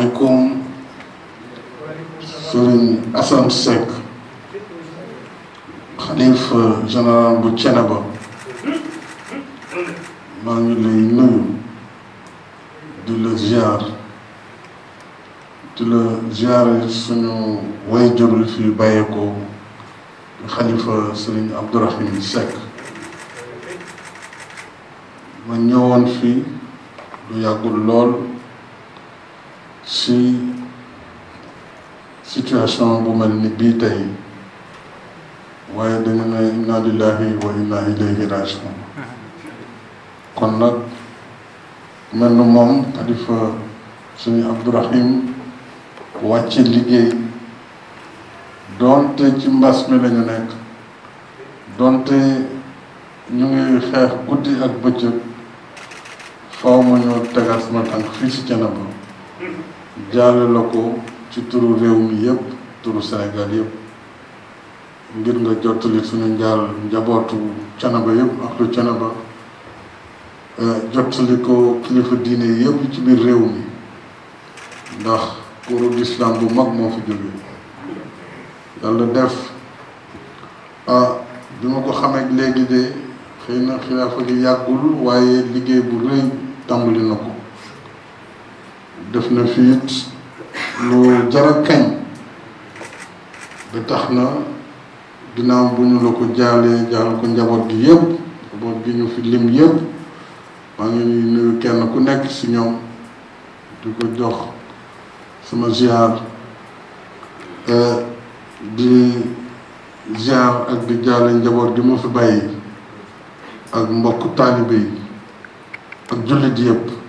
asalaamaaleykum Serigne Assane Seck xalif général bu Thiénaba maa ngi lay nuyu di la ziar di la ziare suñu way jurul fi bàyyeekoo xalifa Serigne Abdourahim Seck ma ñëwoon fii lu yàggul lool. si situation bu mel ni bii tey waaye dañu ne inna lillahi wa inna ilayhi rajiun kon nag mel na moom xalifa suñu Abdourahim wàcc liggéey doonte ci mbas mi lañu nekk doonte ñu ngi xeex guddi ak bëccëg faw ma ñu tegaat sama tànk fii si Thiénaba jaale la ko ci turu réew mi yépp turu Sénégal yépp ngir nga jottali suñu njaal njabootu canaba yépp ak lu canaba eh, jottali ko kilifa diine yépp ci biir réew mi ndax kuréel lislaam bu mag moo fi jóge yàlla def bi ma ko xamee léegi de xëy na xilaafa gi yàggul waaye liggéey bu rëy tàmbali na ko def na fi it lu jar a tax na ginnaaw bu ñu la ko jaalee jaal ko njaboot gi yëpp njaboot gi ñu fi lim yëpp maa ngi nuyu kenn ku nekk ci ñoom di ko jox sama ziar di ziar ak di jaale njaboot gi mu fi bàyyi ak mbokk taalibe yi ak jullit yëpp.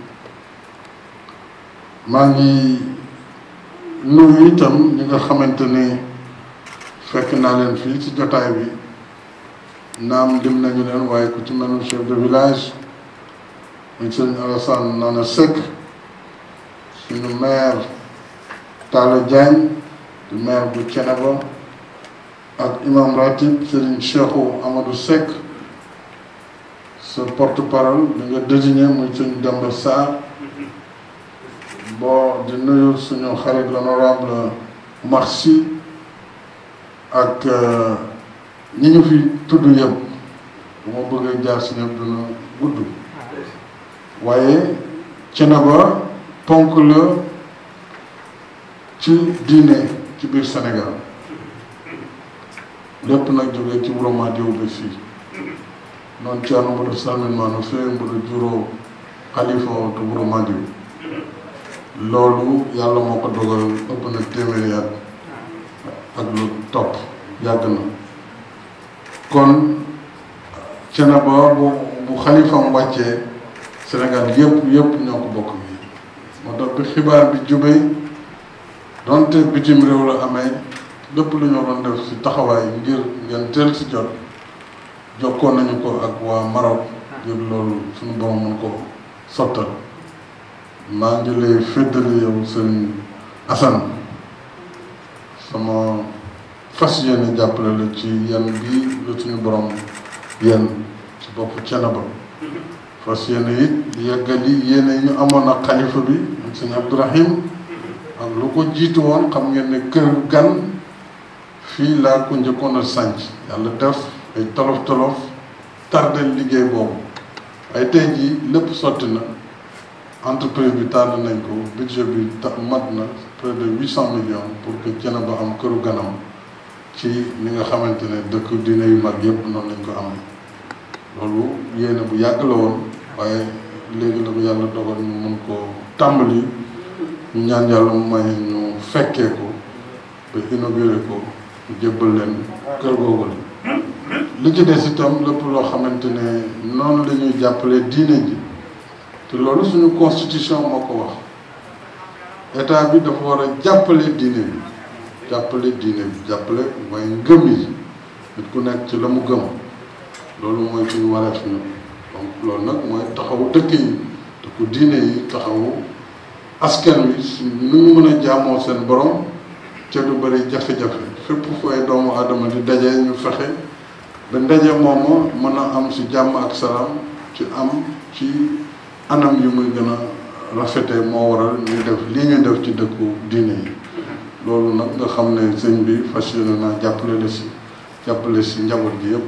maa ngi nuyu itam ñi nga xamante ne fekk naa leen fii ci jotaay bi naam dem nañu leen waaye ku ci mel chef de village muy sëñ Alassane Nana Seck suñu maire Talla Diagne di maire bu Thiénaba ak imam ratib sëriñ Cheikhou Amadou Seck sa porte parole bi nga désigné muy sëñ Demba Sarr bon di nuyu suñu xarit l'honorable Oumar Sy ak euh, ñi ñu fi tudd yëpp bu ma bëggee jaar si ñëpp dina gudd waaye Thiénaba ponk la ci diine ci biir Sénégal lépp nag jógee ci wuroma diw bi fii noonu Thierno Mboudou Samin Manou Fee Mboudou Diouro xalifa tu wuroma diw loolu yàlla moo ko dogal ëpp na téeméeri at ak lu topp yàgg na kon Thiénaba bu bu xalifam wàccee Sénégal yëpp yëpp ñoo ko bokk mi moo tax bi xibaar bi jubee donte bitim réew la amee lépp lu ñoo doon def ci taxawaay ngir ngeen teel ci jot jokkoon nañu ko ak waa Maroc ngir loolu suñu borom mën ko sottal maa ngi lay féddali yow sëñ Assane sama fas yéene jàppale la ci yan bi la suñu borom yenn bopp Thiénaba fas yéene it yeggali yéene ñu amoon ak xalifa bi ak sëñ Abdourahim lu ko jiitu woon xam ngeen ne kër gan fii laa ko njëkkoon a sànc yàlla def ay tolof tolof tardel liggéey boobu ay tey jii lépp sotti na entreprise bi tànn nañ ko budget bi mat na près de huit cent millions pour que Thiénaba am këru ganam ci ni nga xamante ne dëkk dina yu mag yëpp noonu lañ ko amee loolu yéene bu yàgg la woon waaye léegi la ko yàlla dogal mun ko tàmbali ñu ñaan yàlla mu may ñu fekkee ko ba inauguré ko jébbal leen kër googu li ci des itam lépp loo xamante ne noonu la ñuy jàppale diine ji te loolu suñu constitution moo ko wax état bi dafa war a jàppale diine bi jàppale mooy ngëm yi nit ku nekk ci la mu gëm loolu mooy suñu wareef ñu donc loolu nag mooy taxawu dëkk yi dëkku diine yi taxawu askan wi su nu ñu mën a jaamoo seen borom ca du bëri jafe-jafe fépp fu ay doomu aadama di daje ñu fexe da ndaje moomu mën a am si jàmm ak salaam ci am ci anam yu muy gën a rafetee moo waral ñu def lii ñu def ci dëkku diine yi loolu nag nga xam ne sëñ bi fas yéene naa jàppale la si jàppale si njaboot bi yëpp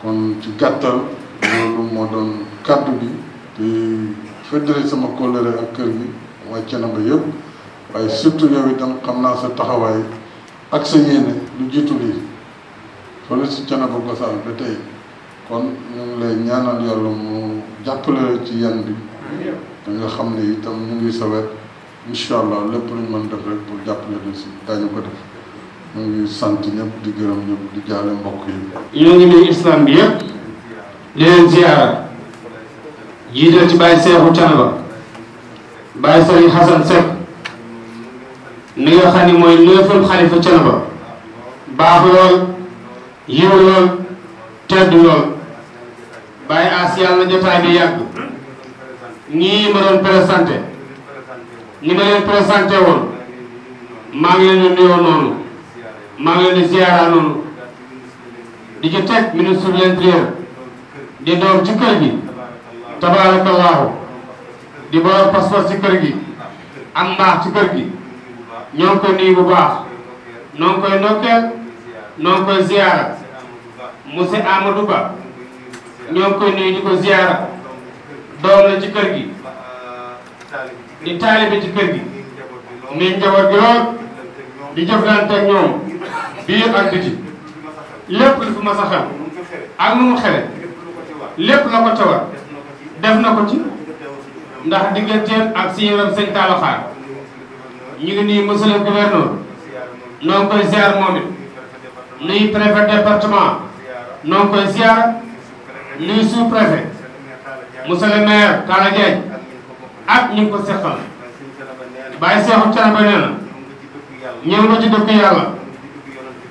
kon ci gàttal loolu moo doon kàddu bi di fédéré sama kóllëre ak kër gi waaye Thiénaba yëpp waaye surtout yow itam xam naa sa taxawaay ak sa yéene lu jiitu lii fële si Thiénaba Gossas ba tey kon ñu ngi ñaanal yàlla mu jàppale ci yan bi te nga xam ne itam mu ngi sa wet lépp luñ mën def rek pour jàppale leen si daañu ko mu ngi sant ñëpp di gërëm ñëpp di jaale mbokk yi. ñoo ngi nuyu islam bi yëpp di leen ziara jiital ci bàyyi seexu canaba bàyyi sëriñ Xasan Seck ni nga xam ni mooy neefal xalifa canaba baax lool yiw lool tedd lool bàyyi as yàlla jotaay ñii ma doon présenté ñi ma leen présenté woon maa ngi leen di nuyoo noonu maa ngi leen di ziara noonu di ci teg ministre de di doom ci kër gi tabaarakallaahu di borom passeport ci kër gi am mbaax ci kër gi ñoo koy nuyu bu baax noo ngi koy nokkeel noo ngi koy ziara monsieur Amadou Ba ñoo koy nuyu di ko ziara doom la ci kër gi di taalibe ci kër gi ni njaboot gi lool di jëflante ak ñoom biir ak biti lépp lu fi mas a xew ak nu mu xele lépp la ko tawar def na ko ci ndax digganteem ak si yaram sëñ Talla ñu ngi nii monsieur le gouverneur noo ngi koy ziar moom it nuy préfet département koy ziar nuy sous préfet monsieur le maire Talla Diagne ak ñu ngi ko seqal bàyyi seexu Thiénaba nee na ñëw na ci dëkk yàlla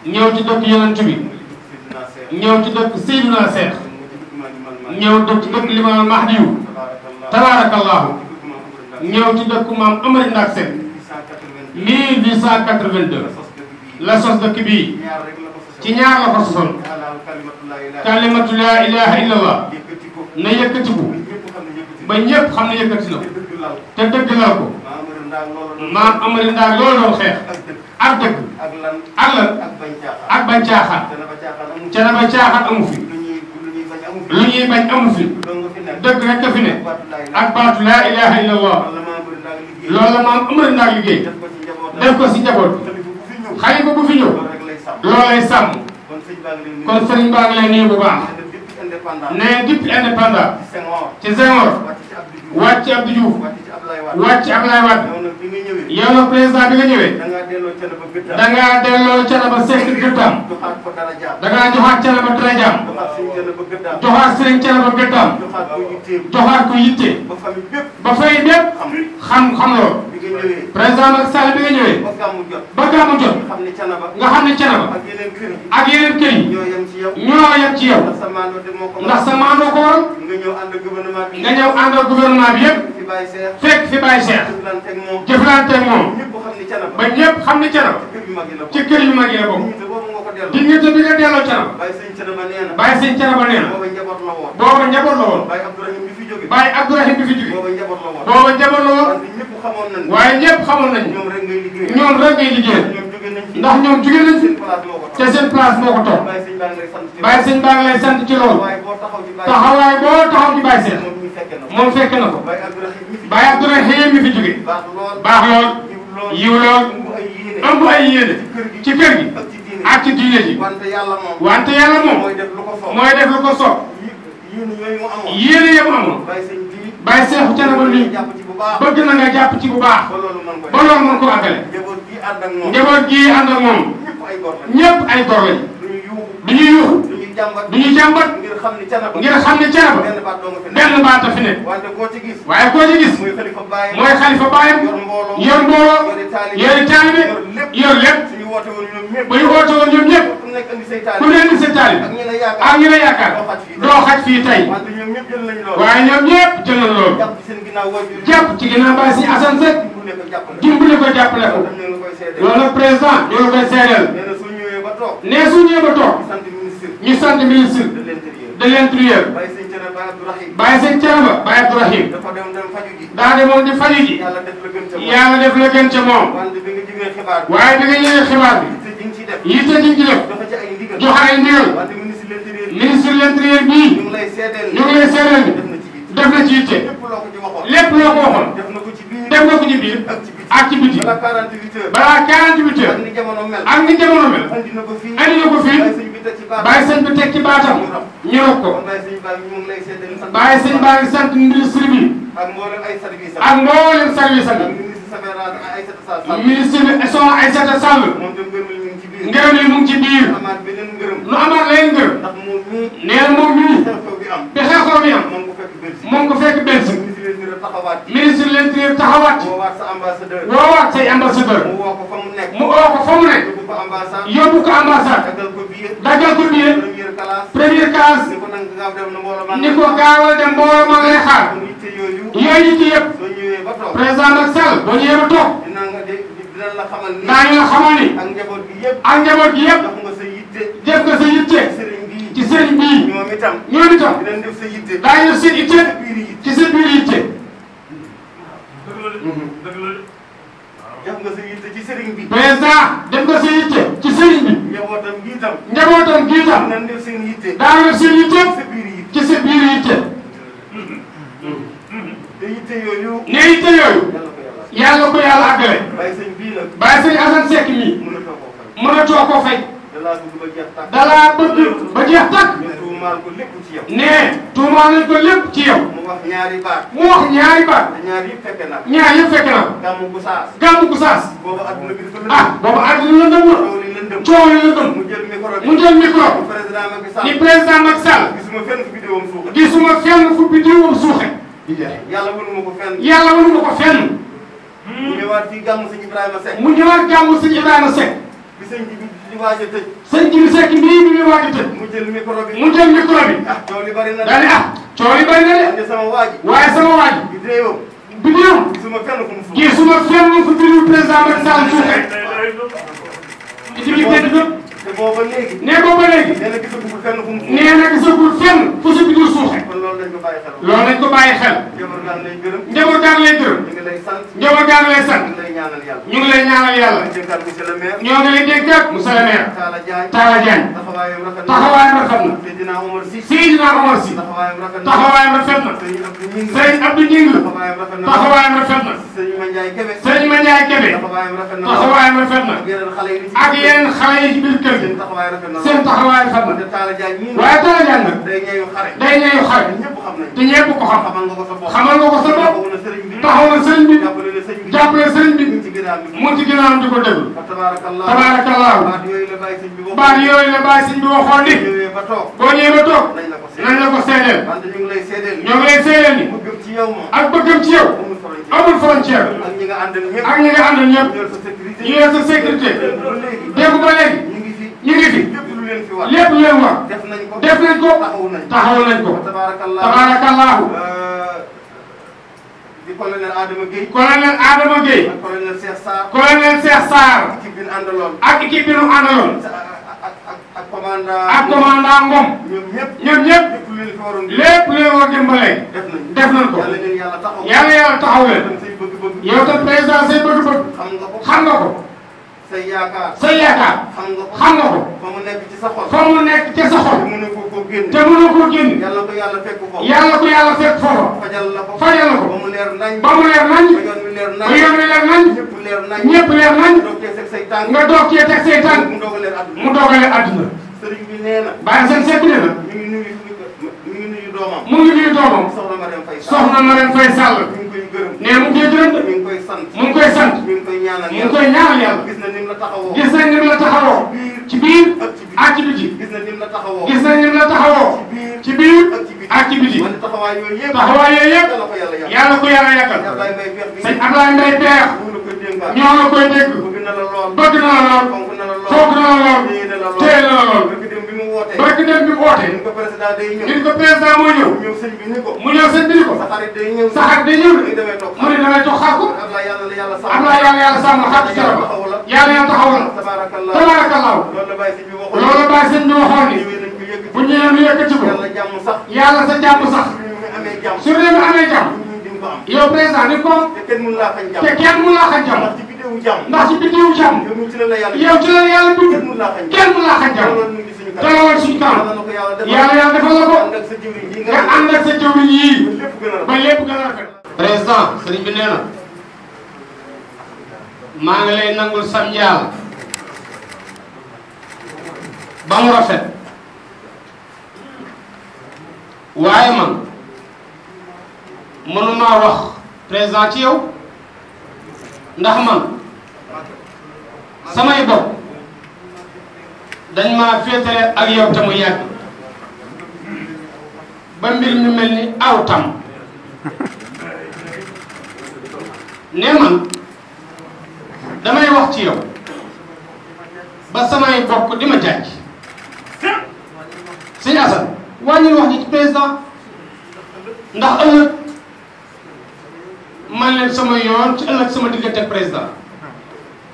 ñëw ci dëkk Seex ñëw dëkk ci dëkk Limaam Mahdiyu tabaarakallaahu ñëw ci dëkk maam Amari Ndaak Seen 1882 la sos dëkk bii ci ñaar la kalimatu laa ilaaha illallah na yëkkatiku ba ñëpp xam ne yëkkati na te dëgg lal ko maam amari ndaag xeex ak dëgg ak bañ caaxaan ca na ba fi lu ñuy bañ amu fi dëgg rek a fi ak baatu laa ilaha illallah loolu maam amari ndaag liggéey def ko si njaboot bi xalifa bu fi ñëw loolu lay sàmm baa ngi lay nuyu bu baax ne depuis indépendance ci Senghor wàcc ci Abdou Diouf wàcc ci Abdoulaye Wade yow nag président bi nga ñëwee da ngaa delloo Thiénaba Seck gëddaam da ngaa joxaat Thiénaba darajaam joxaat Serigne Thiénaba gëddaam joxaat ko yitte ba fay bépp xam xam loolu président Macky Sall bi nga ñëwee gàmmu jot. ba gàmmu jot. nga xam ne canaba. nga xam ne ñoo yem ci yow. ñoo sa maandoo nga ñëw ànd ak gouvernement fekk fi bàyyi seex. jëflanteeg moom. jëflanteeg moom. ba ñëpp xam ne canaba. ci kër yu mag yi la bokk. di nga te delloo canaba. bàyyi sëñ canaba nee na. bàyyi sëñ canaba nee na. booba njaboot la woon. booba njaboot la woon. bàyyi Abdourahim bi fi jóge. bàyyi Abdourahim bi fi jóge. booba njaboot la woon. booba njaboot la woon. waaye ñëpp xamoon nañu. loolu rek ngay liggéeyal ndax ñoom jugee nañ fi te seen place moo ko toog bàyyi sëñ baa ngi lay sant ci loolu taxawaay boo taxaw ci bàyyi seen moom fekk na ko bàyyi Abdourahim mi fi jugee baax lool yiw lool ëmb ay yéene ci kër gi ak ci diine ji wante yàlla moom mooy def lu ko soob yéene yëpp amoon bàyyi seexu canaba nii bëgg na nga jàpp ci bu baax. ba loolu mën ko àggale. njaboot gii ànd ak moom. ñëpp ay gor lañ. du ñu yuuxu. du ñu jàmbat. ngir xam ne canaba. benn baat a fi nekk. waaye koo ci gis. mooy xalifa baayam. yor mbooloo. yor taalibe yor lépp. bu ñu woote woon ñoom ñëpp. ku ne indi say taal ak ñu ne yaakaar doo xaj fii tey waaye ñoom ñëpp jël nañ loolu jàpp ci ginnaaw ba si Assane Seck dimbali ko jàppale ko loolu nag président ñoo la koy seedeel ne su ñëwee ba toog ñu sant ministre de l'intérieur bàyyi seen caraba bàyyi Abdourahim daa demoon di faju ji yàlla def la gën ca moom waaye da nga yëgee bi yitte gi ñu def joxe ay ndigal ministre de l'intérieur bii ñu ngi lay seedeel ci yitte lépp loo ko waxoon ci biir ak ci biti balaa 48 ak ni jamono mel andi na ko fii bàyyi sëñ bi teg ci baatam ñu rob ko service am ngërëm li mu ngi ci biir lu amaat leen ngërëm nee na moom mii bi xeexoo bi am moom ko fekk Bercy ministre de l'intérieur taxawaat mu woo ko fa mu nekk yóbbu ko ambassade daggal ko billet première ni ko gaawal dem mbooloo ma lay xaar yooyu ci yëpp président Macky dinañ la xamal ni naa ngeen xamal ni. ak njaboot gi yëpp ak njaboot gi yëpp. def nga sa yitte. def nga sa yitte. ci sëriñ bii ci sëriñ bii. ñoom itam ñoom itam. dinañ def sa yitte. daa def seen yitte. ci seen biir yitte. def mhm. nga sa yitte ci sëriñ bi. président def nga sa yitte ci sëriñ bi. njabootam gii itam. njabootam gii itam. dinañ def seen yitte. daa def seen yitte. ci sa biir yitte. Mhm. Mhm. te yitte yooyu. ne yitte yooyu. yàlla ko yàlla àggale. bàyyi sëñ bii nag. bàyyi sëñ Assane Seck mii. mënatoo koo fay. dalaa bëgg ba jeex tàkk. ne tuumaal ko lépp ci yow. ne tuumaal lépp ci yow. mu wax ñaari baat. mu ñaari baat. ñaar yëpp fekk na. ñaar yëpp fekk na. gàmmu Gusaas. gàmmu Gusaas. boobu àdduna bi dafa ah, lëndëm. ah boobu àdduna lëndëm la. coow li lëndëm. coow li lëndëm. mu jël micro bi. mu jël micro bi. ni président Macky fu bidéewam suuxe. suuxe. yàlla wënu ma ko fenn. yàlla wënu ma ko ñëwaat fii gàmmu sëñ Ibrahima Seck. mu ñëwaat gàmmu sëñ Ibrahima Seck. bi sëñ bi di a tëj. sëñ bi Seck mii bi ñu a tëj. mu jël micro bi mu jël micro bi. ah de. daanaka ah coow li bari na de. sama waa ji waaye sama waa ji. bi déew. bi déew. gisuma fenn fu mu suuf. gisuma fenn fu mu te booba léegi. nee booba léegi. nee na gisagul fenn fu mu. nee na gisagul fenn fu si dul suuxee. kon loolu lañ ko bàyyi xel. loolu lañ ko bàyyi xel. njaboot daan lay gërëm. njaboot daan lay gërëm. ñu ngi lay sant. njaboot daan lay sant. ñu ngi lay ñaanal yàlla. ñu ngi lay ñaanal yàlla. dénkaat monsieur le maire. ñoo ngi lay dénkaat monsieur le maire. Talla Diagne Talla Diagne. taxawaayam rafet na taxawaayam rafet na. Seydina Omar Sy. Seydina Omar Sy. taxawaayam rafet na taxawaayam rafet na. Sëriñ Abdou Ngingue la. taxawaayam rafet na. Sëriñ Mandiaye Kébé. Sëriñ Mandiaye Kébé. taxawaayam rafet na. ak yeneen xale yi ci biir kër nañu seen taxawaay rafet na seen taxawaay rafet na waaye Talla Diagne nag day ñeeyu xare day ñeeyu xare te ko xam xamal nga ko sa bopp taxaw na sëriñ bi jàppale sëriñ bi mu ci ginnaawam di ko déglu tabaarakallaahu baat yooyu la bàyyi sëriñ bi waxoon ni boo ñëwee ba toog ko seedeel ñoo ngi lay ni ak bëggam ci yow amul frontière ak ñi nga àndal ñëpp ñu yor sa sécurité ba léegi ñu ngi fi lépp lu leen war def nañ ko taxaw nañ ko taxaw nañ ko tabaarakallaahu euh, di colonel Adama Guèye. colonel Adama Guèye. ak colonel Cheikh Sarr. colonel Cheikh Sarr. ak équipe bi ñu àndaloon. ak équipe bi ñu àndaloon. ak ak ak commandant. ak commandant Ngom. ñoom ñëpp ñoom ñëpp. lépp lu leen waroon lépp lu leen war dimbalee. def nañ def nañ ko. yàlla yàlla taxaw leen. yow tam président say bëgg-bëgg. xam nga ko xam nga ko. sa yaakaar sa yaakaar xam nga ko xam nga fa mu nekk ci sa xol fa mu nekk ci sa ko koo génn te mënu ko yàlla ko fekk foofu ko yàlla fekk fajal la ko ko ba mu leer nañ ba mu leer nañ ba yoon wi leer nañ ba yoon wi leer nañ ñëpp leer nañ ñëpp leer nañ nga doog cee teg say mu doogalee àdduna bàyyi seen sepp nee na ñu doomam mu ngi nuyu doomam soxna Marème Faye Sall soxna Marème Faye Sall nee mu ngi koy mu ngi koy sant mu ngi koy sant mu gis na nim la taxawoo na nim la taxawoo ci biir ak ci biti gis na nim la taxawoo na nim la taxawoo ci biir ak ci biti taxawaay yooyu yëpp yàlla ko yàlla yàggal sëñ Ablaye Mbaye Peex ñoo la koy dégg bëgg na la lool fonk na la lool téye na la secrétaire bi woote. ñu ko président ko président mooy mu ñëw mu ñëw sëñ bi ni ko. saxarit mu ne damay toog xaar am naa yàlla yàlla sàmm. am naa yàlla yàlla sàmm xaar ci garab. yàlla la bàyyi sëñ bi waxoon. loolu la bàyyi sëñ bi waxoon ni. bu ñëwee ñu yëkkati ko. yàlla jàmm sax. yàlla a jàmm yow président nit moom. te kenn mënu laa xañ jàmm te kenn mënu laa xañ jàmm. ndax ci biddewu jàmm. ndax ci biddewu jàmm. la la yàlla bind ci la la yàlla kenn mënu ko. nga ànd ak sa jëwriñ ba lépp gën a rafet. président sëriñ bi nee na maa ngi lay nangul sam njaal ba rafet waaye man. mënumaa wax président ci yow ndax man samay bopp dañ ma féetale ak yow te mu ba mbir mi mel ni aw tam ne man damay wax ci yow ba samay bokk di ma jàcc sëñ Assane wàññil wax ji ci ndax ëllëg man leen sama yoon ci ëllëg sama diggante ak président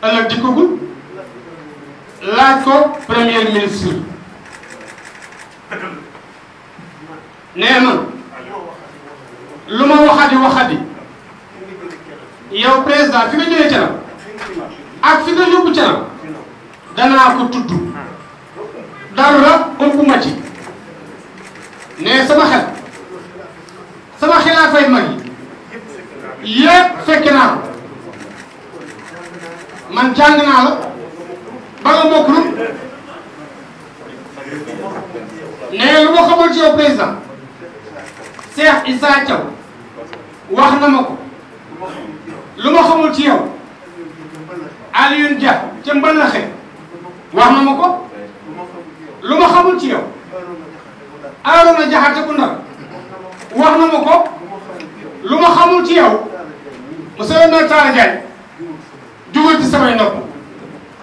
ëllëg dikkugul laaj ko premier ministre nee na lu ma waxati waxati yow président fi nga ñëwee canam ak fi nga yóbbu canam ko tudd dara ëpp ma ci ne sama xel sama xelaat fay mag yépp fekke naa man jàng naa la ba nee lu ma xamal ci yow président Cheikh Issa wax na ma lu ma xamul ci yow Alioune Dia ca Mbalaxe wax na ma ko lu ma xamul ci yow Arona Diakhaté bu Ndar wax na ma lu ma xamul ci yow monsieur le maire Talla Ndiaye jugal ci samay nopp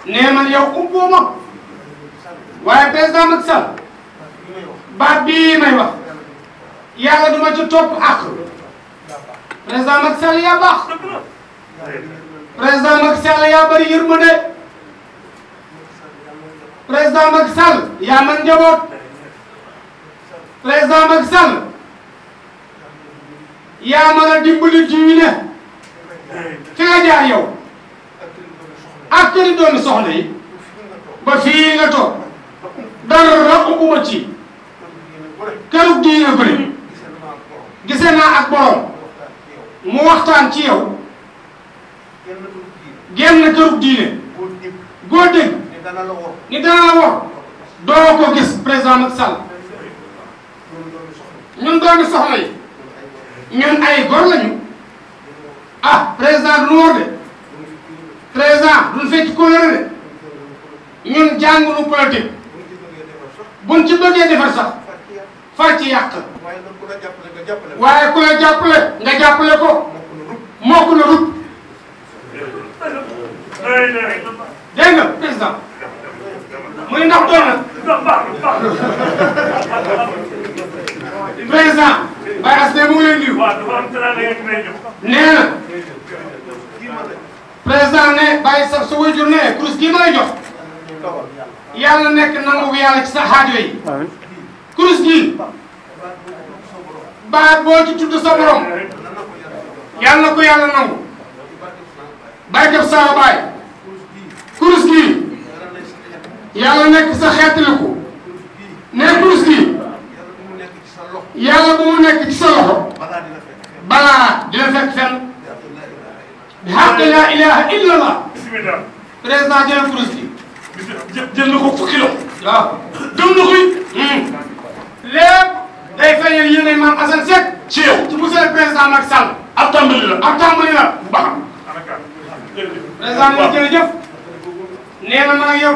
nee yow umpoo ma waaye président Macky Sall baat bii may wax yàlla duma ci ak président Macky yaa baax président Macky yaa bari yërmande président Macky Sall yaa man njaboot président Macky yaa mën a dimbali jiw ne. fi nga jaar ak këri doomi soxla ba fii nga toog dara ubbuma ci këru diine bu ne gisee ak borom mu waxtaan ci yow genn këru diine góor dégg ni dana la ko gis président Macky Sall ñun doomi soxla ay gor lañu ah président du wóor de président duñ fekk couleur de ñun jàngulu politique buñ ci bëggee defar sax far ci yàq waaye ku la jàppale nga jàppale ko mokk na rub dégg nga président muy ndax doon na président Baye Asne mu ngi lay nuyu. nee na président ne Baye sa sa wajur ne kurus gii ma lay jox yàlla nekk nangu yàlla ci sa xaajo yi kurus gii baat ci tudd sa borom yàlla na ko yàlla nangu ne kurus yàlla bu mu nekk ci sa loxo balaa dina fekk bi xam ne laa ilaha illa allah président jël kurus gi kilo waaw gëm na ko it hmm. lépp day feeñal yéen ay maam Assane Seck ci yow ci monsieur le président ab tàmbali la ab tàmbali la bu baax président ñoo jërëjëf nee na ma nag yow